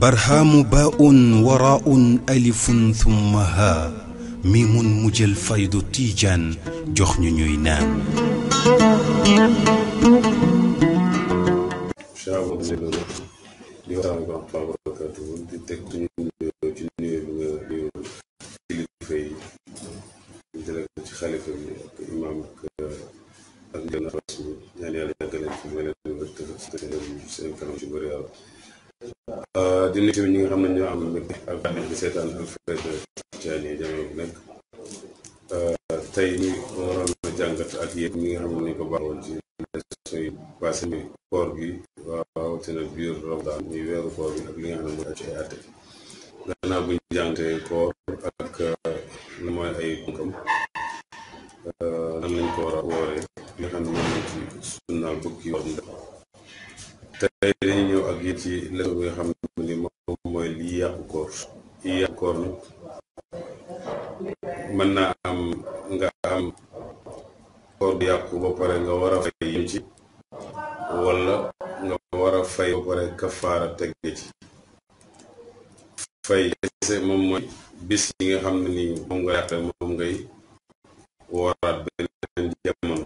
برهام باء وراء ألف ثم ها ميم فيض تيجان جخن نينان الله di nuyu tamit nga xam ne ñoo am mbégte ak bànneex di seetaan Alfayda euh, Tijaaniya jamono bu nekk euh, tey ñu waroon jàngat ak yéen ñi nga xam ne ñu ko baaxoon ci émission yi passé mi koor gi waaw te na biir Ramadan ñuy weeru koor gi ak li nga xam ne mooy ak euh, na yi war mu xam yàqu koor yàqu koor nag mën naa am nga am a fay yem ci wala nga war fay ba pare kafaara tegge ci fay kese moom mooy bis yi nga xam ne nii moom nga yàq moom ngay wooraat beneen jamono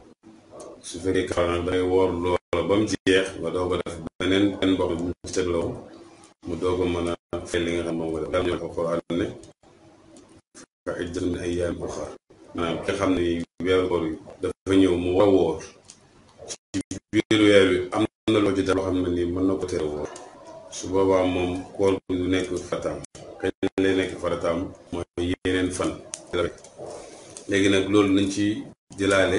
su fekkee kafaara nag dangay woor loola ba mu jeex nga doo def beneen benn bopp mu ci tegloo mu doog a mën a fay li nga xam moom nga def alquran ne fa iddatun min ayyaamin uxar maanaam xam ne weeru koor dafa ñëw mu war a woor ci biir weer wi am na loo ci def loo xam ne nii mën na ko tere woor su boobaa moom koor bi du nekk farataam kañ lay nekk farataam mooy yeneen fan léegi nag loolu nañ ci jëlaale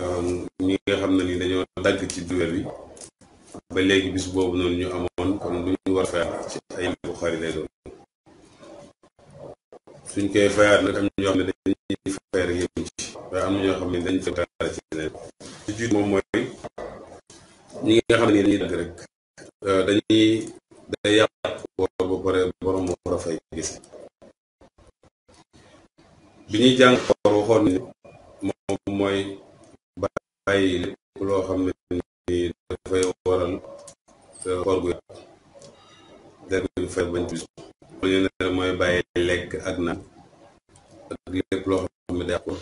um, ñi nga xam ne ni dañoo dagg ci duwel bi ba léegi bis boobu noonu ñu amoon kon war a fayaat ci ay Buxaari lay doon suñ koy fayaat nag am na ñoo xam ne dañuy fay rek ci waaye am ñoo xam ne dañ koy taal ci dañuy dagg rek euh, dañuy day ba pare borom moo war a fay gis bi ñuy jàng woor waxoon ne moom mooy bàyyi lépp loo xam ne ni dafay waral euh, woor gu gargalu fay bañ bis loolu yéen mooy bàyyi lekk ak naan ak lépp loo xam ne daa ko loo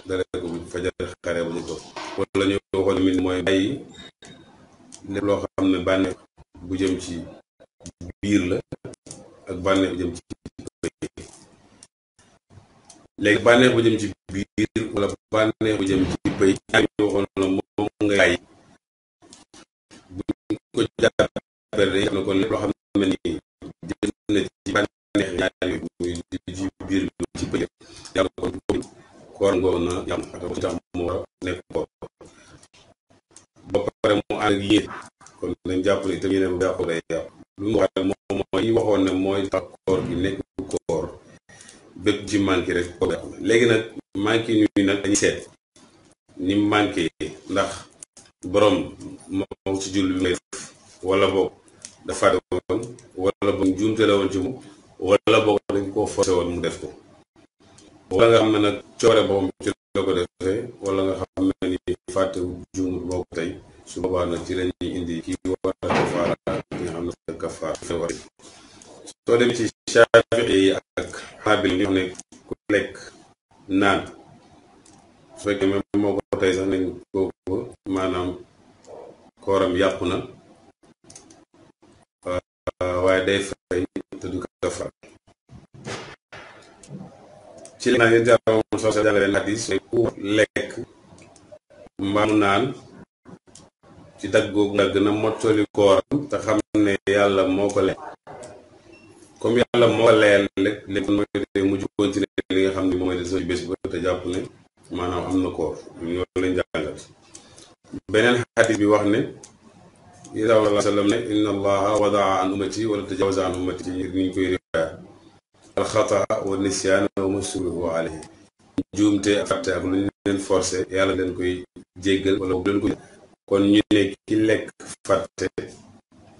xam ne bànneex bu jëm ci biir la ak bànneex bu jëm ci biir wala bànneex bu jëm ci pëy ñu waxoon la moom nga bàyyi buñ ko jàppee rek na kon lépp loo xam waroon na yam ak li tax mu war a nekk bopp ba pare kon nañ jàpp ne itam yéen a lu mu wax rek moom mooy waxoon ne mooy tax koor gi nekk koor bépp ji manqué rek koor yàqu na léegi nag manqué ñu nag dañuy seet ni manqué ndax borom moo ci julli bi ngay def wala boog dafa demoon wala boog njuumte la woon ci moom wala boog dañ koo forcé woon mu def ko wala nga xam ne nag coore boppam demee ci Shaafi'i yi lekk naan su na ci lekk naan jàll moom soo jàngale leen xadis ku lekk mbaamu naan ci dagg googu dagg na mottali kooram te xam comme yàlla moo layal rek léegi mooy tey mu ci continuer li nga xam ne moom mooy des ci bés ba te jàpp ne maanaam am na koor loolu lañ jàngal beneen xadis bi wax ne isa wala sallam ne inna allaha wadaa an ummati wala tajawaza an ummati ngir niñ koy riwaaya alxataa wa nisyaan wa masuruhu alayhi njuumte ak fàtte ak lu ñu leen forcé yàlla leen koy jéggal wala leen ko kon ñu ne ki lekk fàtte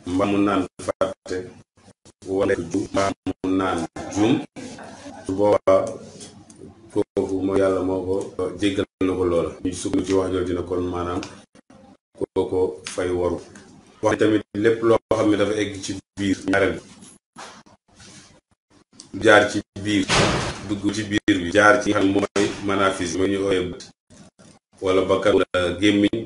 mbaa mu naan fàtte wala ju maam mu naan juum su boobaa kooku mooy yàlla moo ko jéggal na ko loola ñu sukk ci wax jooju ne kon maanaam kooko fay waru wax tamit lépp loo xam dafa egg ci biir ñaareel jaar ci biir dugg ci biir bi jaar ci nga xam mooy manafis mooy ñu ooyee bët wala bakkan wala gémmiñ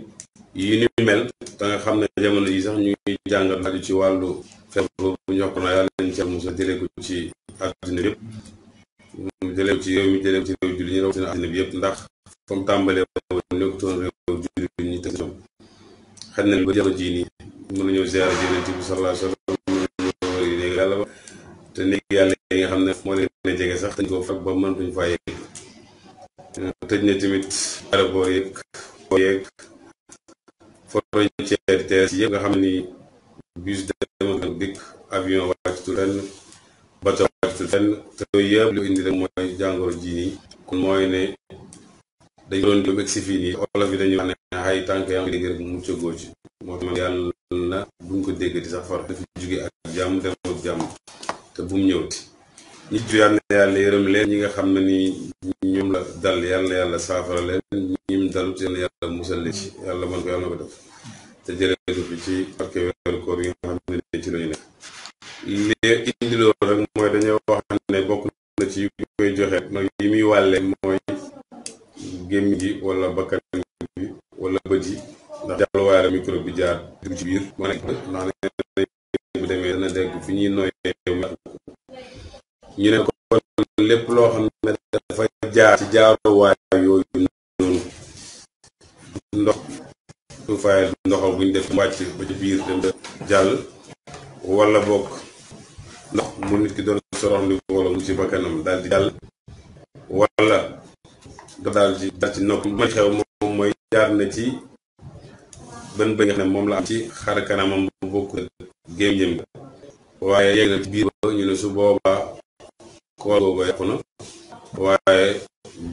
yi ni mel da xam ne jamono yi sax ñuy jàngal aju ci wàllu xel boobu yokk na yàlla nañu ci musa jëlee ko ci àddina bi yëpp mu jëlee ci ci réew julli ñi rawatina àddina bi yëpp ndax fa mu tàmbalee woon nekkutoon réew julli ñi teg ñoom xaj ba jamono nii mën nañoo ziara ji yonent bi sallallahu alayhi wa sallam mën a yéeg yàlla ba te néeg yàlla yi nga xam ne moo leen jege sax dañ ko fag ba mënatuñ faa yéeg tëj na tamit aéroport yeeg yeeg frontière teer yëpp nga xam ni bus dem ak dikk avion wàccutul fenn bato wàccutul fenn te yooyu yëpp lu indi rek mooy jàngoro ji nii kon mooy ne dañu doon jëm egsi fii nii olof yi dañu wax ay tànk yaa ngi dégg rek moo tax yàlla na buñ ko déggati sax far dafa jóge ak jàmm dem jàmm te bu mu ñëwti nit ju yàlla na yàlla yërëm leen ñi nga xam ne ni ñoom la dal yàlla yàlla saafara leen ñim dalut yàlla na yàlla musal leen ci yàlla man ko yàlla ko def te jëlee ko fi ci barke li indi rek mooy dañoo wax ne bokk na ci yu koy joxe nag yi muy wàllee mooy gémmiñ gi wala bakkan bi wala bët yi ndax bi jaar dugg ci ñuy noyyee ñu ne kon lépp jaaruwaay yooyu ndox suufaay ndoxal buñ def wàcc ba ci biir dem jàll wala bokk ndox mu nit ki doon sorondiku wala mu ci bakkanam daal di jàll wala dafa ma xew moom mooy jaar na ci bën bën xam ne moom la am ci xar kanamam bu bokk gémmiñam waaye yegg na ci biir ba ñu ne su boobaa kool googu yàqu na waaye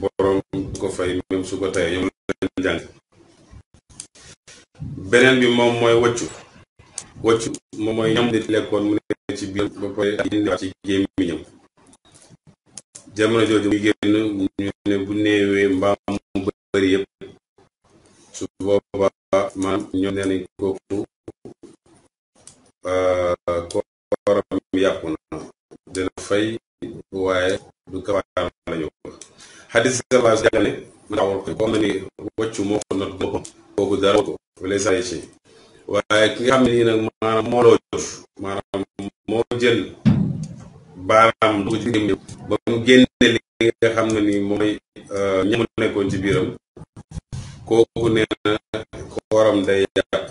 borom du ko fay même su ko tayee ñoom lañ jàng beneen bi moom mooy waccu wocc moom mooy ñam nit lekkoon mu ne ci biir ba pare indiwaat ci gémmiñam jamono jooju muy génn ñu ne bu néewee mbaam mu bëri yëpp su boobaa maanaam ñoom nee nañ kooku ah, kooram yàqu na dina fay waaye du kafaara lañu wax xadis sallallahu alayhi wa sallam ne ko comme na ni wàccu moo ko not boppam kooku dara ko wala sa ci waaye ki nga xam ne nii nag maanaam moo loo jëf maanaam moo jël baaraam du ko ci gémmiñ ba mu génne li nga xam ne nii mooy euh, ñamu nekkoon ci biiram kooku nee na kooram day yàq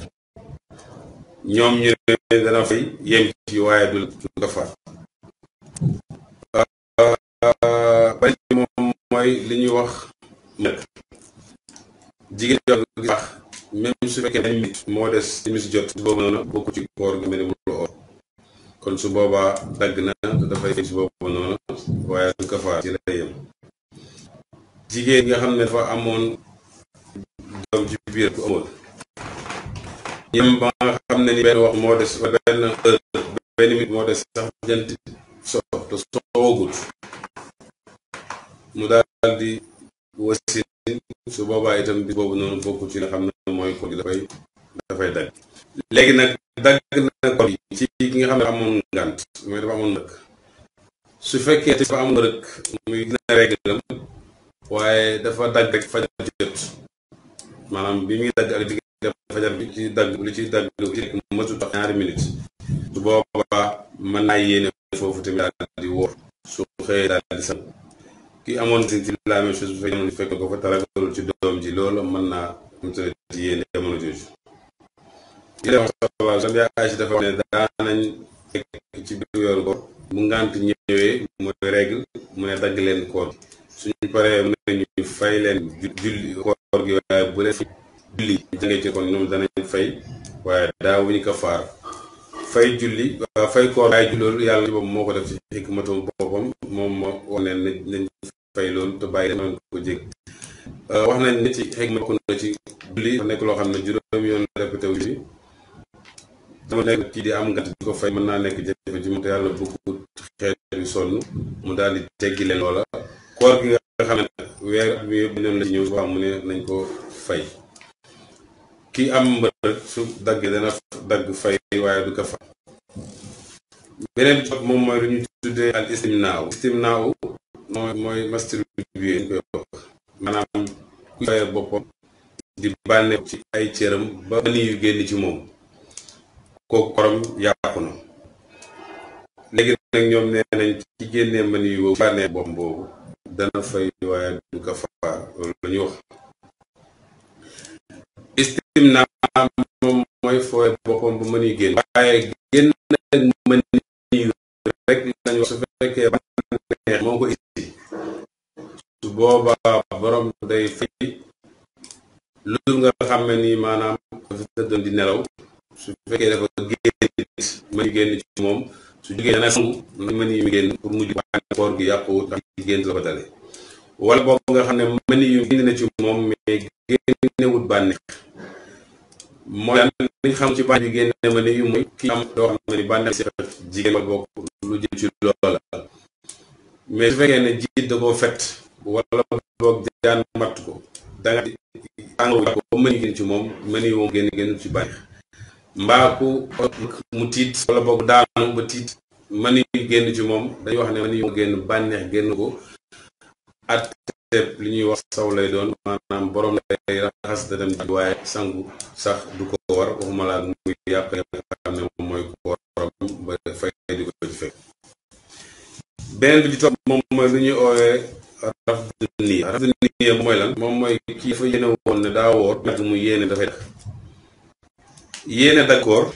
ñoom ñu ne dana fay yem ci waaye du la faat bari moom mooy li ñuy wax jigéen jox baax même su fekkee dañ nit moo des timis jot su boobu noonu bokku ci koor gi mel ni mënul oor kon su boobaa dagg na dafay su boobu noonu waaye du kafaar ci la yem jigéen nga xam ne dafa amoon doom ci biir bu amoon yem ba nga xam ne ni benn wax moo des benn benn minute moo des sax jant so te soowagut mu daal di wasin su boobaa itam bis boobu noonu bokk ci nga xam ne mooy koor gi dafay dafay dagg léegi nag dagg na koor yi ci ki nga xam ne dafa amoon ngànt mooy dafa amoon rëkk su fekkee te dafa amoon rëkk muy dina réglam waaye dafa dagg rek fajar jot maanaam bi muy dagg ak diggante fajar bi ci dagg li ci dagg ci nekk mësu tax ñaari minute su boobaa mën naa yéene foofu tamit daal di wóor su xëyee daal di sang ki amoon si la même chose bu fekkee ne fekk ko fa taragalu ci doom ji loolu mën naa am solo ci yéen jamono jooju. ki la wax sax yaa Aysa dafa wax ne daanañ fekk ci biir mu ne dagg leen koor suñu paree mu ne ñu fay leen julli koor gi waaye bu leen fay julli jàngee ci kon ñoom danañ fay waaye daawuñu ko faar fay julli fay koor waaye julli yàlla ci boppam moo ko def ci xikmatum boppam moom moo wax ne nañ fay loolu te bàyyi leen ko jég euh, wax nañ ne ci xëy na bokk na ci julli nekk loo xam ne juróom yoon te wu ci dama nekk kii di am ngant di ko fay mën naa nekk jafe ci moom te yàlla bëggu xeet yu mu daal di teggi leen loola koor gi nga xam ne mu nañ ko fay am mbër su daggee dana dagg fay waaye du ko mooy mooy masturbé koy wax maanaam ku fayee boppam di bànneex ci ay cëram ba ni yu génn ci moom kooku korom yàqu léegi nag ñoom nee ci génnee man yu boobu bànneex boppam boobu dana fay waaye du faa loolu la ñu wax moom mooy fooy boppam ba mën yu génn waaye génn ak mën yu rek lañu wax boobaa borom day fay lu dul nga xam ne ni maanaam dafa tëddoon di nelaw su fekkee dafa génn mën yu génn ci moom su jugee dana sangu mën pour mujj wàññi koor gi yàquwut la ko dale nga xam ne mën yu génn na ci moom mais génnewut bànneex mooy lan liñ xam ci bànneex yu génne mën yu mooy kii am doo xam ne ni bànneex si jigéen wala lu jëm ci loola mais su fekkee ne jiit da koo fet wala boog jaan matt ko da nga tàngoo ko mëni gën ci moom mëni woo gën gën ci bànneex mbaa mu tiit wala daanu ba ci wax ne ko at tepp li ñuy wax saw lay doon borom lay raxas da dem ji waaye sangu sax du ko war waxuma laa muy yàpp nga xam ne ko ba fay di ko ci bi ci ñuy rafetlu niya rafetlu niya lan moom mooy kii dafa yéene woon ne daa woor yàgg mu yéene dafay dagg yéene d'accord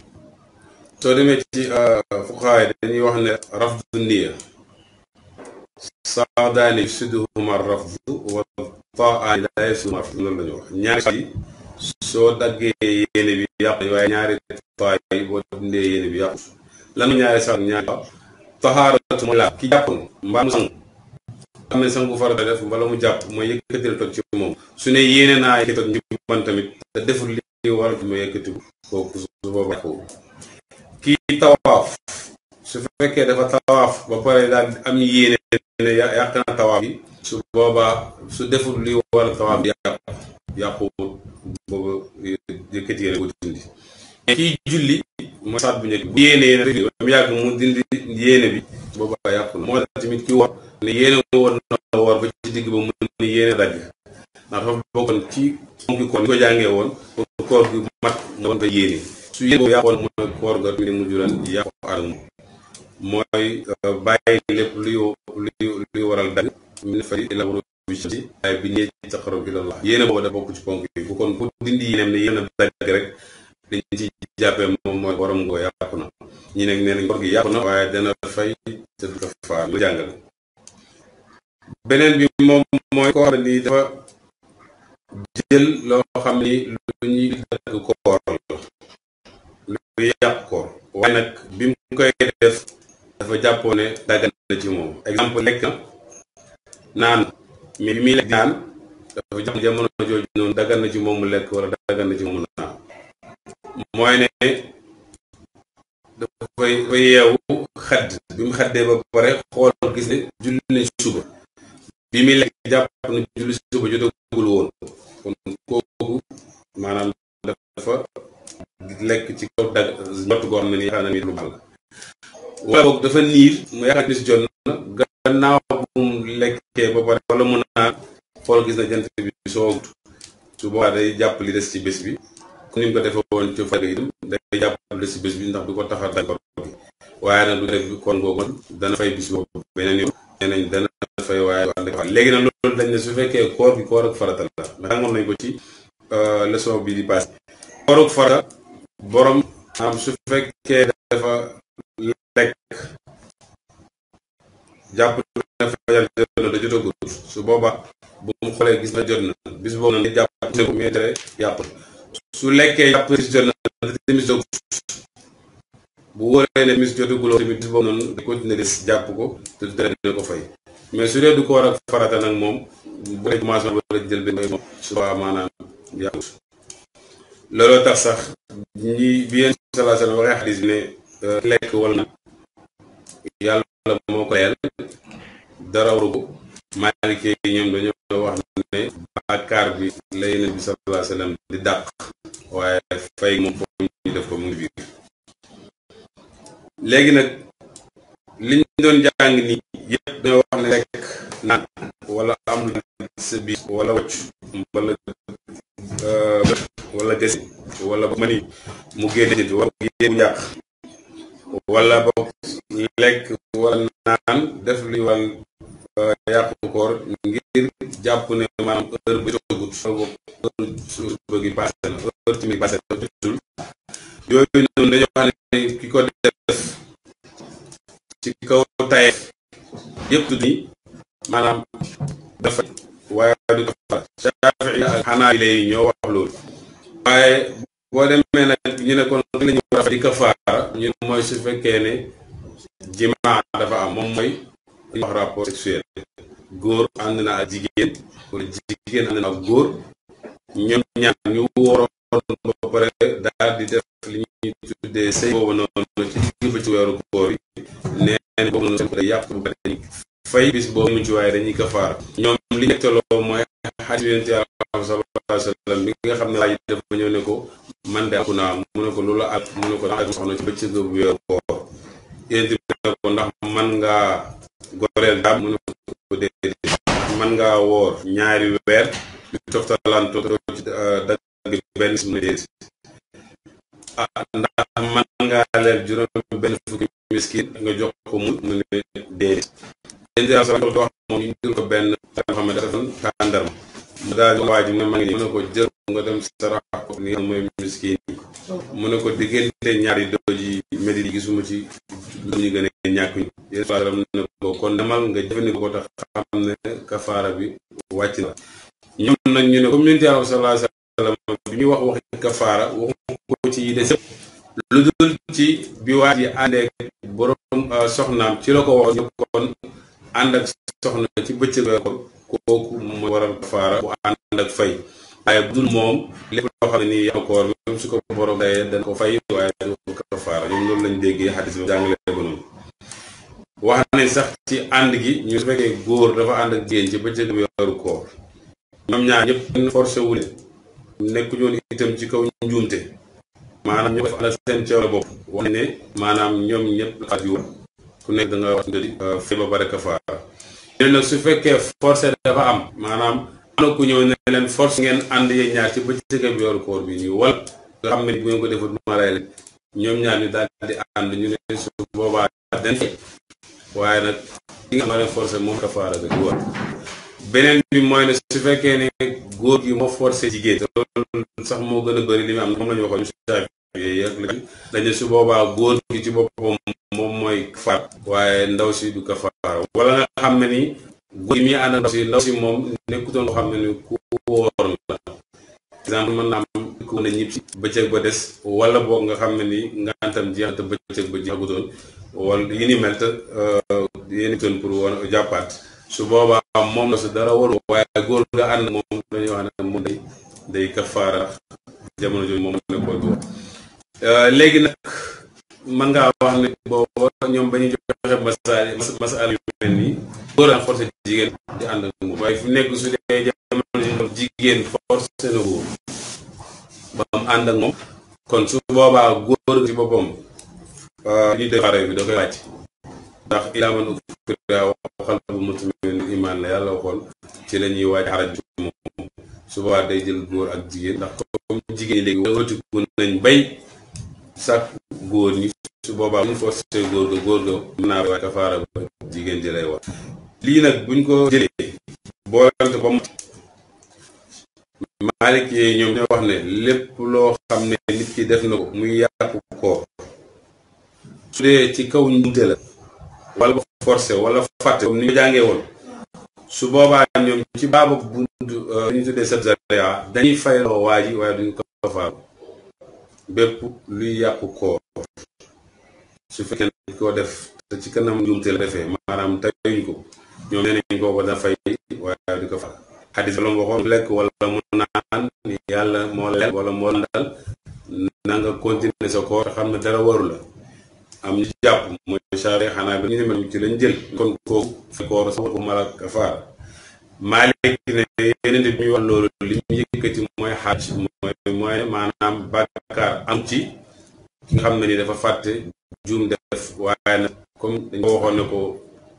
soo demee ci euh, fuqaay dañuy wax ne rafetlu niya saadaani yufsiduhuma rafdu wa taani laa yufsiduhuma rafdu loolu lañu wax ñaari yi soo daggee yéene bi yàqu waaye ñaari taa yi boo dundee yéene bi yàqu lan ñaari sax ñaari taxaaratu mooy laab ki jàppoon mbaa mu sangu xam ne sangu farata def wala mu jàpp mooy yëkkatil toj ci moom su ne yéene naa yëkkati toj ci man tamit te deful li war ma yëkkati kooku su boobaa ko kii tawaaf su fekkee dafa tawaaf ba pare daal am yéene ne yàq na tawaaf bi su boobaa su deful li war tawaaf bi yàq yàquwul yëkkati yéene ko dindi kii julli mooy saat bu njëkk bu yéene yéene boobaa yàqu na moo tax tamit ki wax ne yéene woon na woor ba ci digg ba mu ne yéene dagg ndax dafa bokkoon ci fonki koor ko jàngee woon pour koor ko yéene su yéene boobu yàqoon mooy mu jural yàqu aadama mooy lépp luy luy luy waral dagg mu ne fay la waru ci waaye bi ñee ne ci jàppee moom mooy borom ngoo yàqu na ñi nekk nee nañ koor gi yàqu na waaye dana fay te du ko faal lu jàngale beneen bi moom mooy koo xam ni nii dafa jël loo xam ni lu ñuy dagg koor la lu yàq koor waaye nag bi mu koy def dafa jàppoo ne daggan na ci moom exemple lekk na naan bi muy lekk naan dafa jamono jooju noonu daggan na ci moom mu lekk wala daggan na ci moom mu naan mooy ne dafay yeewu xadd bi mu xaddee ba pare xool gis ne julli nañ suba bi muy lekk jàpp na julli suba jotagul woon kon kooku maanaam dafa lekk ci kaw dag jot goo xam ne ni yaakaar na ni lu baax la wala boog dafa ni si jot na gannaaw bu mu lekkee ba pare mu naan xool gis na jant bi soogut su boobaa day jàpp li des ci bés bi ku ni mu ko defee woon ci fàgg itam day jàpp li des ci bés bi ndax du ko tax a dagg waaye nag du def kon boobu dana fay bis boobu beneen yoon nee nañ dana fay waaye du ànd ak léegi nag loolu dañ ne su fekkee koor gi koor ak farata la ndax nañ ko ci leçon bi di passé koor ak farata borom am su fekkee dafa lekk jàpp na fajar jot na su boobaa bu mu xoolee gis na jot na bis boobu nag jàpp mais tere yàpp su lekkee jàpp na gis jot na da bu wóoree ne mis jotaguloo tamit bis boobu noonu da continuer des jàpp ko te dina ko fay mais su dee du ko war a farata nag moom bu dee commencement wala jël benn moom sax ñi bi yéen salaa salaam waxee xadis ne euh, lekk wala nag yàlla moo ko leyal dara waru ko maalikee yi ñoom dañoo wax ne bàkkaar bi la yeneen bi salaa salaam di dàq waaye fay moom foofu ñu def ko mu biir léegi nak liñ doon jang ni yépp dana wax ne rek na wala am lu sa bi wala wacc wala wala gess wala ba mani mu génne jënd wala génne njaax wala ba lek wala naan def li wal euh, yaq koor ngir japp ne maanaam heure bu jogut heure su bëgg passé heure timi passé yooyu noonu dañoo xam ne ki ko def ci kaw taye yëpp tudd ni maanaam dafa waaye du ko faral Shaafi'i ak Hanaabila yi ñoo wax loolu waaye boo demee ñu ne la a di kafaara ñu ne mooy su fekkee ne jimaa dafa am moom mooy ñu wax rapport sexuel góor ànd na ak jigéen wala jigéen ànd na ak góor ñoom ñaar ñu wóoroo ba pare daal di def li ñuy tuddee sëy boobu noonu ci digg ci weeru koor yi nee na boobu noonu day yàq bu pare ko man de aku naa ko lu la mu ne ko da nga soxna ci bëccëg ndax man ngaa goreel daam mu ne ko déedéet man ngaa woor ñaari weer yu toftalaan toog benn su ah ndax man ngaa leer juróom benn fukki miskin nga jox ko mu mu ne déedéet yéen sa wax moom ñu jël ko benn xam xam ne dafa tàndar mu daal di mu ne ma ngi nii mu ne ko jël nga dem sarax ko ni mooy miskin yi mu ne ko diggante ñaari doj yi médit yi gisuma ci lu ñu gën a ñàkk ñu yéen sa ne ko kon demal nga jëfandikoo ko tax xam ne kafaara bi wàcc la ñoom nag ñu ne comme yonent Yàlla sallallahu sallam bi muy wax waxi kafaara waxu ko ci yi des lu dul ci bi waa àndeek boroom euh, soxnaam ci la ko wax kon ànd ak soxna ci bëccëg kooku mooy waral kafaara bu ànd ak fay waaye bu dul moom lépp loo xam ne nii yaa ko boroom dayee waaye du kafaara ñoom loolu lañ déggee xadis bi jàngale ko noonu wax ne sax ci ànd gi ñu fekkee góor dafa ànd ak jigéen ci bëccëg weeru koor ñoom ñaar ñëpp forcé wule nekkuñoon itam ci kaw njuumte maanaam ñoo ko def seen cawla bopp maanaam ñoom ñëpp la xaaj ku nekk da nga wax dëgg euh, fay ba pare kafaara ñooñu nag su fekkee forcé dafa am maanaam am na ku ñëw ne leen ngeen ànd yéen ñaar ci bëccëg bi yoru koor bi nii wala nga xam ne bu ngeen ko defut ma rey leen ñoom ñaar ñu daal di ànd ñu ne su boobaa den waaye nag ki nga xam ne forcé moom kafaara ga war beneen bi mooy ne su fekkee ni góor gi moo forcé jigéen loolu sax moo gën a bëri li mu am moom la ñu waxoon ñu dañu su boobaa góor gi ci boppam moom mooy kafaar waaye ndaw si du kafaar wala nga xam ne ni góor gi muy ànd ndaw si ndaw si moom nekkutoon koo xam ne ni ku wóor la exemple mën naa am ku mën a ñib si bëccëg ba des wala boog nga xam ne ni ngantam jeex te bëccëg ba jeexagutoon wala yi ni mel te euh, yéen pour war a jàppaat su boobaa moom la su dara waru waaye góor nga ànd ak moom dañuy wax ne moom day day kafaara jamono jooju moom la ko góor euh, léegi nag man nga wax ne booba ñoom ba ñu joxe masaali masaala yu mel nii góor a forcé jigéen di ànd ak moom waaye fu nekk su dee jamono jooju jigéen forcé na góor ba mu ànd ak moom kon su boobaa góor ci boppam euh, ñu def xare bi da koy ndax ilaa man ukriha wa qalbuhu mutma'innul imaan la yàlla waxoon ci la ñuy xaraj ci moom subaa day jël góor ak jigéen ndax comme jigéen ñi léegi wëtiku nañ bay sàkk góor ñi su boobaa buñ forcé góor ga góor ga mën naa waaj kafaara jigéen ji lay war lii nag buñ ko jëlee boolante ba mu maalik yooyu ñoom ñoo wax ne lépp loo xam ne nit ki def na ko muy yàqu koor su dee ci kaw njuumte la wala nga forcé wala fàtte comme ni ñu ko jàngee woon su boobaa ñoom ci baabu buntu euh, li ñu tuddee sabzaria dañuy fayloo waa ji waaye duñ ko faal bépp luy yàqu koor su fekkee ne koo def te ci kanam njuumte la defee maanaam tayuñ ko ñoom nee nañ ko ko da fay waaye duñ ko faal xadis la mu waxoon lekk wala mu naan yàlla moo la lekk wala moo la ndal na nga continuer sa koor xam ne dara waru la am ñu jàpp mooy saare xanaa bi ñu ne mel ci lañ jël kon kooku fekkoor sax ko malak kafaara maalik ne yeneen bi muy wax loolu li ñu am ci ki nga xam ne ni dafa fàtte juum def waaye nag comme ko waxoon ne ko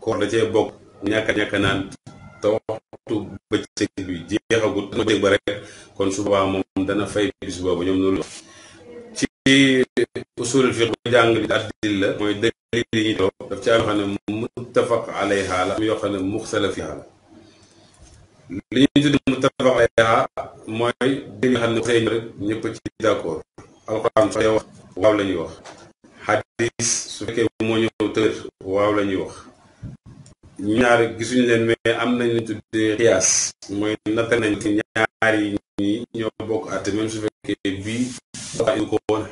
koor da cee bokk ñàkk naan te waxtu bëccëg bi jeexagut dama dégg ba rek kon su boobaa moom dana fay bis boobu ñoom loolu ci usul fiq bu jàng di addil la mooy dalil yi ñuy toog daf ci am yoo xam ne muttafaq alayha la am yoo xam ne muxtalaf fiha la li ñuy tudd muttafaq alayha mooy dalil xam ne xëy na rek ñëpp ci d'accord alxuraan su la ñuy wax xadis su fekkee moo ñëw tër waaw la ñuy wax ñaar gisuñu leen mais am nañu tuddee xiyaas mooy natt nañ ci ñaar yi ñi ñoo bokk àtte même su fekkee bii ko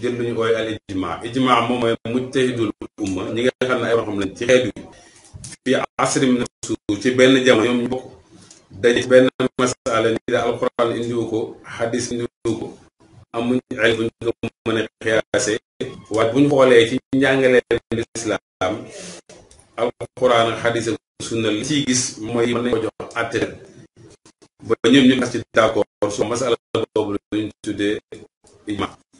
jël lu ñu ooy al ijma ijma moom mooy mujtahidul umma ñi nga xam ne ay xam lañ ci xeet wi fii asri min suuf ci benn jamono ñoom ñu bokk daje ci benn masala ni da alquran indiwu ko xadis indiwu ko amuñ ay bu ñu ko mën a xiyaase waaye xoolee ci njàngaleen lislaam alquran ak xadis ak sunna li ciy gis mooy mën nañ ko jox atte ba ñoom ñu ci d'accord su masala boobu la ñu tuddee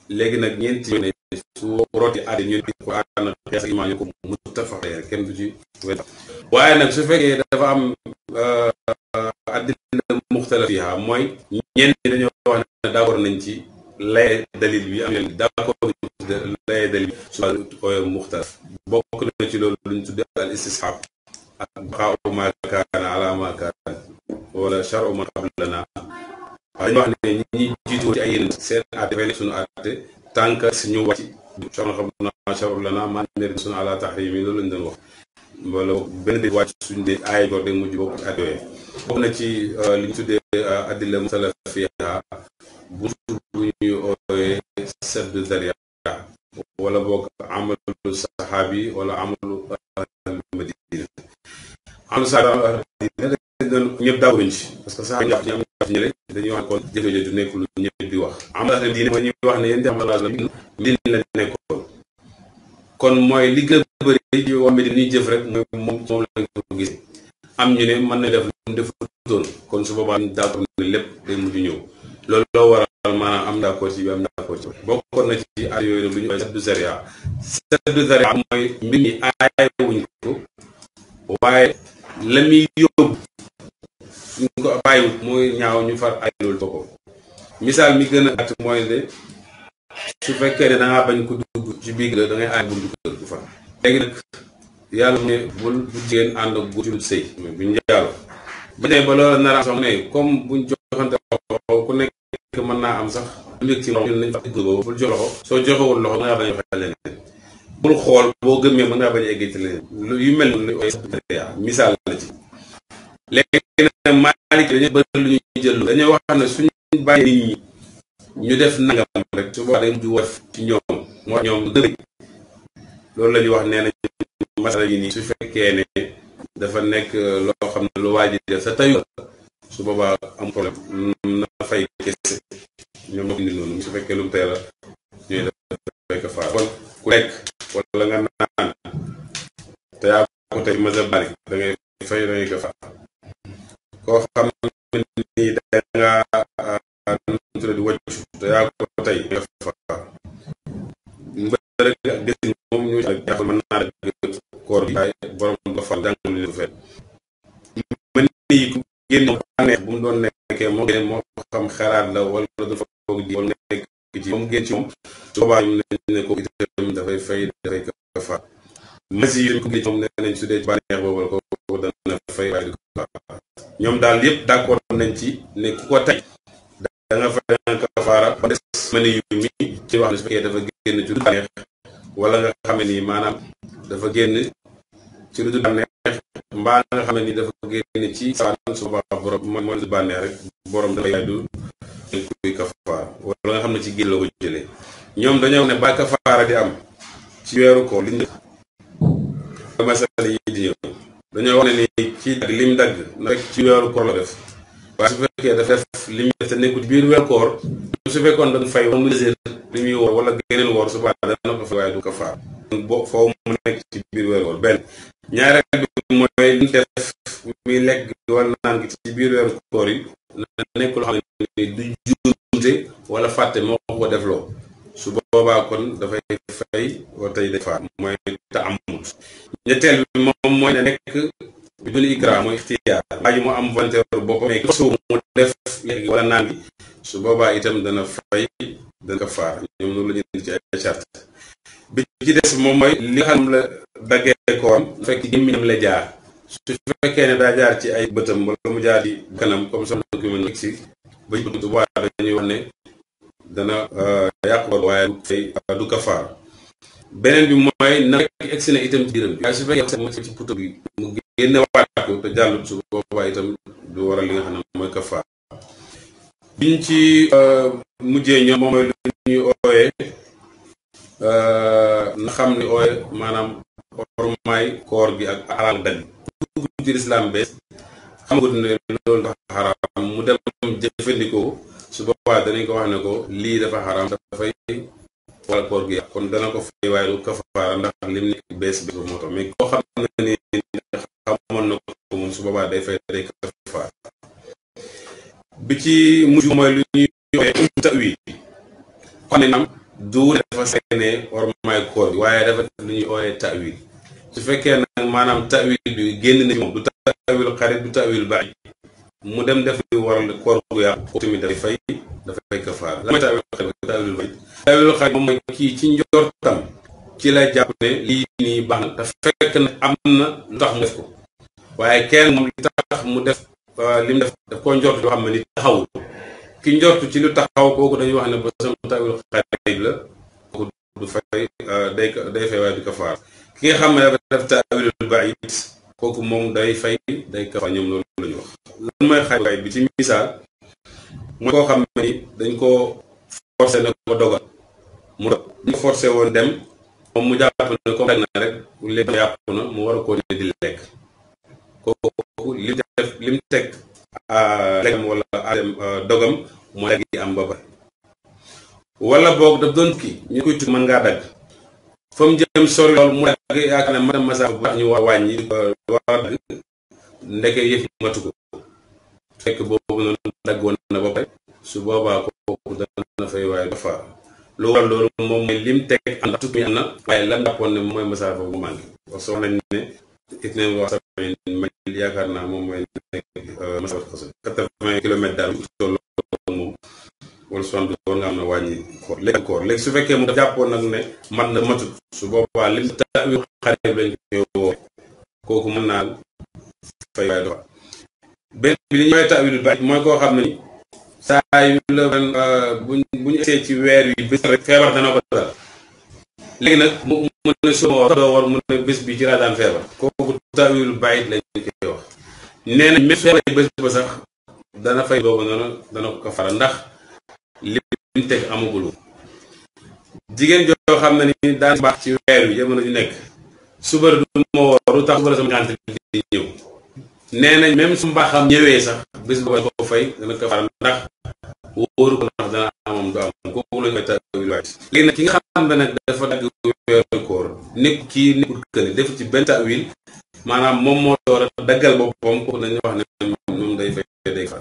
léegi nag ñeenti yoon su rooti aada ñu ko ànd xeex ak imaam ñu ko muttafax kenn du ci waaye nag su fekkee dafa am euh, addina muxtalaf fiha mooy ñenn ñi dañoo wax ne d'accord nañ ci lay dalil bi am yoon d'accord nañ ci lay dalil bi su ooyee muxtalaf bokk na ci loolu luñ tudde al istisxaab ak baqaa u ma kaana ala ma kaana wala charu waaw dañu wax ne ñi ñuy jiitu ci ay yéen seen àtte dafay nekk suñu àtte tànk suñu wàcc xam naa sabab la naa maa ngi suñu àlla taxrim yi loolu lañ doon wax wala benn de wàcc suñu de ay góor de mujj bokk na ci li ñu tuddee adilla musalafiya bu ñuy ooyee saddu dariya wala boog amalu saxaabi wala amalu amalu saxaabi ñëpp daaw ci parce que dañuy wax kon jëf jooju nekkul lu ñëpp di wax amalaata diine mooy ñuy wax ne yéen itam amalaat la diine la nekkoon kon mooy li gën a bëri ñu wax di ñuy am ñu ne mën na def lu kon su boobaa ñu d'accord ne lépp day ñëw loolu loo waral maanaam am d'accord ci bi am d'accord ci bokkoon na ci aay yooyu nag lu ñu wax saddu zaria saddu zaria mooy mbir mi aayewuñ ko waaye la muy yóbbu suñ ko bàyyiwut mooy ñaaw ñu far ay misaal mi a gàtt mooy de su fekkee ne da ngaa bañ bu jigéen ànd ak góor ba ba loola nara sax mu ne nekk mën naa am sax lu nekk ci loxo soo joxewul loxo da ngaa bañ joxe leneen bul xool boo gëmmee mën ngaa bañ a leneen yu mel noonu misaal la ci léegi nag Malick dañu bëri lu ñuy jël dañoo wax suñu bàyyi nit ñi ñu def nangam rek su boobaa dañu di ci ñoom moo ñoom dëgg loolu la wax masala yi su ne dafa lu def sa tayu su am problème na fay kese ñoom ñoo indi noonu su fekkee lu mu tey la ñooy def fekk kon ku lekk wala nga naan da ngay fay da ngay koo xam ni da nga ah, nu tudd wàccu te yaa ko tey nga fa mbër ak desin moom ñu jàppal naa dëgg bu mu doon nekkee moo génn moo xam xalaat la nekk moom génn ci moom su boobaa ñu ne ko itam dafay fay dafay kafaar masi yi ko génn ci moom nee nañ su dee ci bànneex ñom daal yépp d'accord nañ ci né ku ko tey da nga fay kafaara ba dess mané yu mi ci wax ne dafa génn ci lu neex wala nga xamé ni manam dafa génn ci lu neex mba nga xamé ni dafa génn ci saan su boobaa borom mo mo lu bànneex rek borom da lay du kuy kafaara wala nga xamné ci génn la ko jëlé ñom dañu né ba kafaara di am ci wéru ko liñ masal yi di ñu dañoo wax ne ni kii dagg lim dagg na fekk ci weeru koor la def waaye su fekkee dafa def lim def te nekkul ci biir weeru koor su fekkoon dañ fay mu li muy woor wala geneen woor su baax dana ko fay waaye du ko faar bo foofu mu nekk ci biir weeru koor benn ñaareel bi mooy li def muy lekk wala naan ci biir weeru koor yi na nekk loo xam ne du juumte wala fàtte moo ko loo su boobaa kon dafay fay wa tey day faat mooy te amul ñetteel bi moom mooy ne nekk bi dul ikra mooy ixtiyaar waa ji mu am volonté boppam mais su mu def léegi wala naan gi su boobaa itam dana fay dana ko faar ñoom noonu la ñu ci ay charte bi ci des moom mooy li xam la daggee ko am fekk gémmiñam la jaar su fekkee ne daa jaar ci ay bëtam wala mu jaar ci kanam comme sama document si ba ñu bëgg dañuy wax ne dana euh, yàq loolu waaye du fay euh, du kafaar beneen bi mooy na fekk egsi na itam ci biiram bi waaye su fekkee mooy ci puto bi mu génne waat ko te jàllut su boobaa itam du waral li nga xam ne mooy kafaar biñ ci euh, mujjee ñoom moom na xam ni maanaam ormaay koor gi ak alal ci lislaam bees xam nga ne loolu dafa xaraam mu dem jëfandikoo su boobaa danañ ko wax ne ko lii dafa xaram dafay wala koor gi yàqu kon dana ko fay waaye du kafaara ndax lim nekk bees bees moo tax mais koo xam ne su boobaa day fay day kafaara bi ci mujj mooy lu ñuy yoxee tawi xam ne naam du dafa seene ormaay koor gi waaye dafa lu ñuy ooyee tawil su fekkee nag maanaam tawil bi génn na ci moom du tawil xarit du tawil bàyyi mu dem def li waral koor gu yàqu ko tamit dafay fay dafay kafaara la may taawil xel taawilul xel taawilul xel moom mooy kii ci njortam ci la jàpp ne lii nii baax na te fekk na am na lu tax mu def ko waaye kenn moom li tax mu def li mu def daf koo njort yoo xam ne ni taxawul ki njortu ci lu taxaw kooku dañuy wax ne ba sama taawil xel la kooku du fay ah, day ki nga xam ne koku mom day fay day ka ñom lolu lañ wax lan moy xay bay bi ci misaal mooy ko xam dañ ko forcer na ko dogal mu dog ñu ko dem mom mu japp na ko tag na rek le japp na mu war ko di lek koku li def lim tek a lekkam wala adem dogam mo lekk yi am baba wala bok da doon ki ñu koy tu man nga dag fam jëm sori lol mu ak yaakaar ne man masa bu baax ñu war a wàññi war a ndeke yëf matu ko fekk boobu noonu daggoon na ba pare su boobaa kooku dana fay waaye dafa lu war loolu moom mooy lim teg ànd tut mi am na waaye lam jàppoon ne mooy masa bu mu manqué wax soo nañ ne it ne wax sama yaakaar naa moom mooy nekk euh, masa quatre-vingts kilomètres daal toll wala soixante douze war nga am na wàññi koor léegi koor léegi su fekkee mu jàppoon nag ne mat na matut su boobaa lim taawi xarib lañ koy woowe kooku mën naa saa yu la buñ bu ñu essayé ci weer yi bés rek feebar dana ko dal léegi nag mu mën a suma doo war mu ne bés bi ci laa daan feebar kooku taawilul baid lañ koy wax nee na même feebar bés ba sax dana fay boobu noonu dana ko kafara ndax ñu teg amagulu jigéen joo xam ne ni daan baax ci weer wi jamono ñu nekk suba du ma woor lu tax wala sama ngànt di ñëw nee nañ même su mbaaxam ñëwee sax bés boobu ko fay dana ko faral ndax wóoru ko ndax dana amam du am kooku lañ koy tawil waay léegi nag ki nga xam ne nag dafa dagg weeru koor nekk kii nekkul këne def ci benn tawil maanaam moom moo door a daggal boppam kooku dañuy wax ne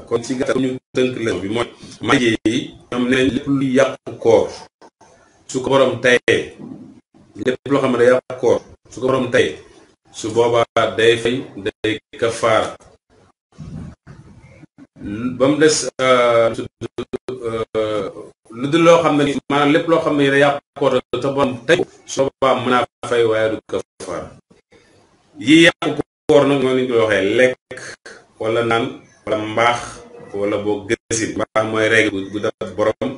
kon ci gàttal ñu tënk la bi mooy màgge yi ñoom nee lépp lu yàq koor su ko borom tayee loo xam ne day yàq su boobaa day fay day kafaara ba mu des euh, euh, lu dul loo xam ne maanaam lépp loo xam ne day koor te borom tey su boobaa mën naa fay waaye du kafaara yi yàq koor nag moo ni ko waxee lekk wala naan wala mbaax wala boo gërësin mbaax mooy règle bu dab borom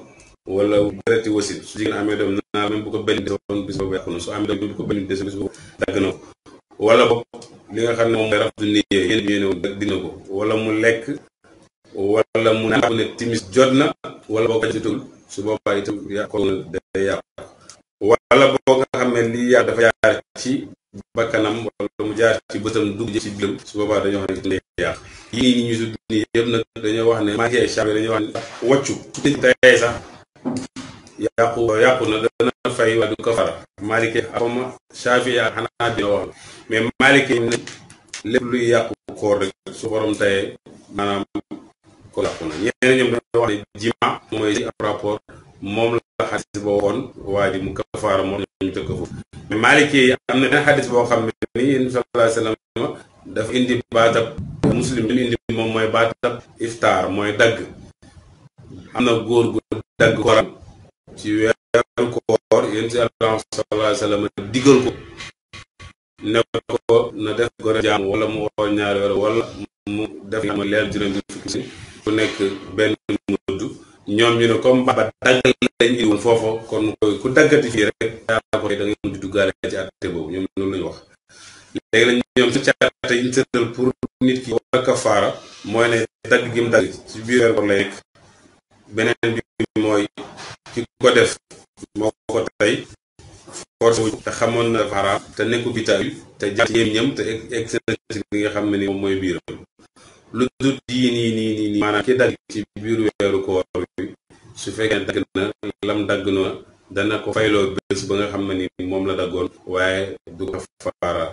wala gërëti wasin su jigéen amee doom naa même bu ko benn bu ko benn desoon bis boobu wala boog li nga xam ne moom mooy raftu ni yéen ñoo ne woon dina mu lekk wala jot na wala boo su boobaa itam yàqu na yàqu wala boo nga xam ne lii yàlla dafa yaar ci bakkanam wala mu jaar ci bëtam dugg ci biiram su boobaa dañoo wax ne yàq yi ñu tudd nii yëpp nag dañoo wax ne magie ay chab dañoo wax na wax mais maalike yi lépp luy yàqu koor rek su borom tayee maanaam ko yàqu na ñeneen ñoom dañoo wax ne jima mooy si ab rapport moom la xaalis ba waxoon waa ji mu kafaara moom ñu tëkk foofu mais Maliki yi am na benn boo xam ne ni yéen sallallahu alayhi wasallam dafa indi baatab muslim moom mooy baatab iftaar mooy dagg am na góor gu dagg koram ci weeru koor yéen si allah sallallahu alayhi wasallam digal ko ne ko na def ko jaam wala mu woo ñaari wala mu def leer juróom bi fukki ku nekk benn mudd ñoom ñu ne comme ba dagg lañ indi woon foofa kon ku daggati fii rek daa koy da ngay mën di duggaale ci àtte boobu ñoom loolu lañu wax léegi nag ñoom ci àtte yi ñu tëral pour nit ki war kafaara mooy ne dagg gi mu ci biir weer koor lay nekk ki ko def moo ko wu te xamoon na xaraam te nekku bitaa yu te jaar yem ñam te li nga xam ne ni moom mooy biiram lu dut yii nii nii nii dagg ci biir weeru koor su fekkee dagg na lam dagg na dana ko fayloo bés ba nga xam ne ni moom la daggoon waaye du kafaara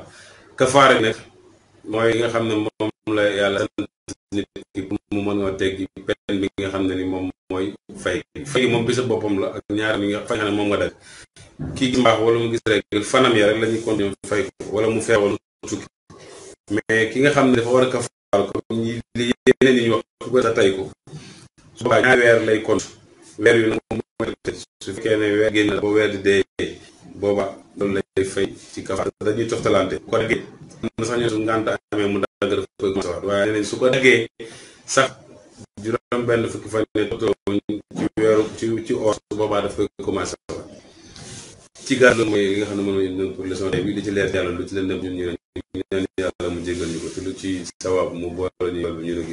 kafaara nag mooy nga xam ne moom yàlla mu mën a teggi pen bi nga xam ne ni moom mooy fay fay moom bi sa boppam la ak ñaar mi nga fay xam ne moom nga dagg kii gis mbaax wala mu gis rek fanam ya rek la ñuy continuer fay ko wala mu feewoon tukki mais ki nga xam ne dafa war a kafaara ko ñi li yeneen ñu wax ku ko sa tey ko su boobaa ñaari weer lay compte weer wi nag moom mooy su fekkee ne weer génn la ba weer di dee booba loolu lay fay ci kafaara dañuy toxtalante bu ko daggee am na sax ñu su ngànt mu dagg dafa koy commencé su ko daggee sax juróom benn fukki fan ne toxtaloo ci weeru ci ci oor su boobaa dafa koy commencé ci gàll loolu mooy li nga xam ne moom lañu doon pour leçon bi li ci leer yàlla lu ci leen dem ñun ñu ne ñaan yàlla mu jégal ñu ko te lu ci sawab mu boole ñu yàlla ñu ne